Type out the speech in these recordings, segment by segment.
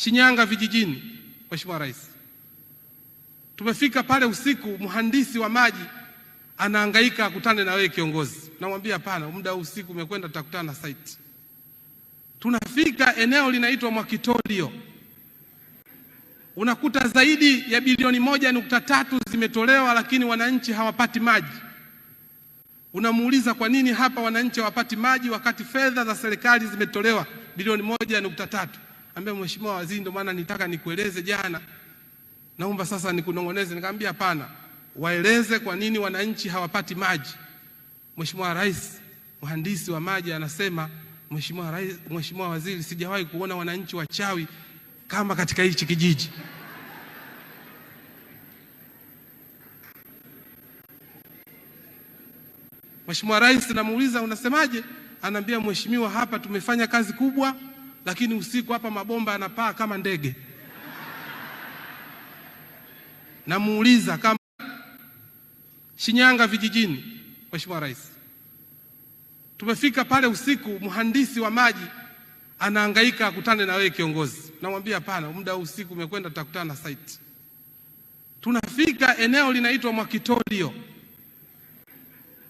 Shinyanga vijijini, Mheshimiwa Rais, tumefika pale usiku, mhandisi wa maji anahangaika akutane na wewe kiongozi, namwambia hapana, muda usiku umekwenda, tutakutana na site. Tunafika eneo linaitwa Mwakitolio, unakuta zaidi ya bilioni moja nukta tatu zimetolewa, lakini wananchi hawapati maji. Unamuuliza, kwa nini hapa wananchi hawapati maji wakati fedha za serikali zimetolewa bilioni moja nukta tatu? Nikamwambia mheshimiwa waziri, ndio maana nitaka nikueleze jana, naomba sasa nikunongoneze. Nikamwambia hapana, waeleze kwa nini wananchi hawapati maji. Mheshimiwa Rais, mhandisi wa maji anasema, mheshimiwa rais, mheshimiwa waziri, sijawahi kuona wananchi wachawi kama katika hichi kijiji. Mheshimiwa Rais namuuliza unasemaje? Anaambia mheshimiwa, hapa tumefanya kazi kubwa lakini usiku hapa mabomba yanapaa kama ndege. Namuuliza kama Shinyanga vijijini, Mheshimiwa Rais, tumefika pale usiku, mhandisi wa maji anahangaika akutane na wewe kiongozi, namwambia hapana, muda wa usiku umekwenda, tutakutana na site. Tunafika eneo linaitwa Mwakitolio,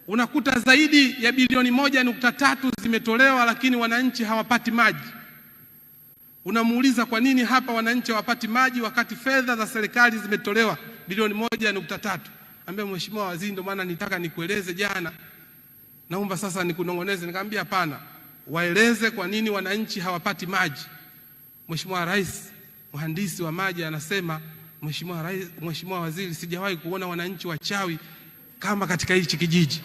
unakuta zaidi ya bilioni moja nukta tatu zimetolewa, lakini wananchi hawapati maji. Unamuuliza kwa nini hapa wananchi hawapati maji wakati fedha za serikali zimetolewa bilioni moja nukta tatu. Ambia mheshimiwa waziri, ndio maana nitaka nikueleze jana, naomba sasa nikunongoneze. Nikamwambia hapana, waeleze kwa nini wananchi hawapati maji. Mheshimiwa Rais, mhandisi wa maji anasema, Mheshimiwa Rais, Mheshimiwa Waziri, sijawahi kuona wananchi wachawi kama katika hichi kijiji.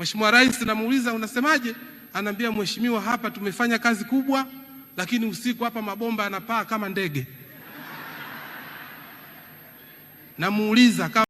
Mheshimiwa Rais namuuliza unasemaje? Anaambia mheshimiwa, hapa tumefanya kazi kubwa, lakini usiku hapa mabomba yanapaa kama ndege. Namuuliza kama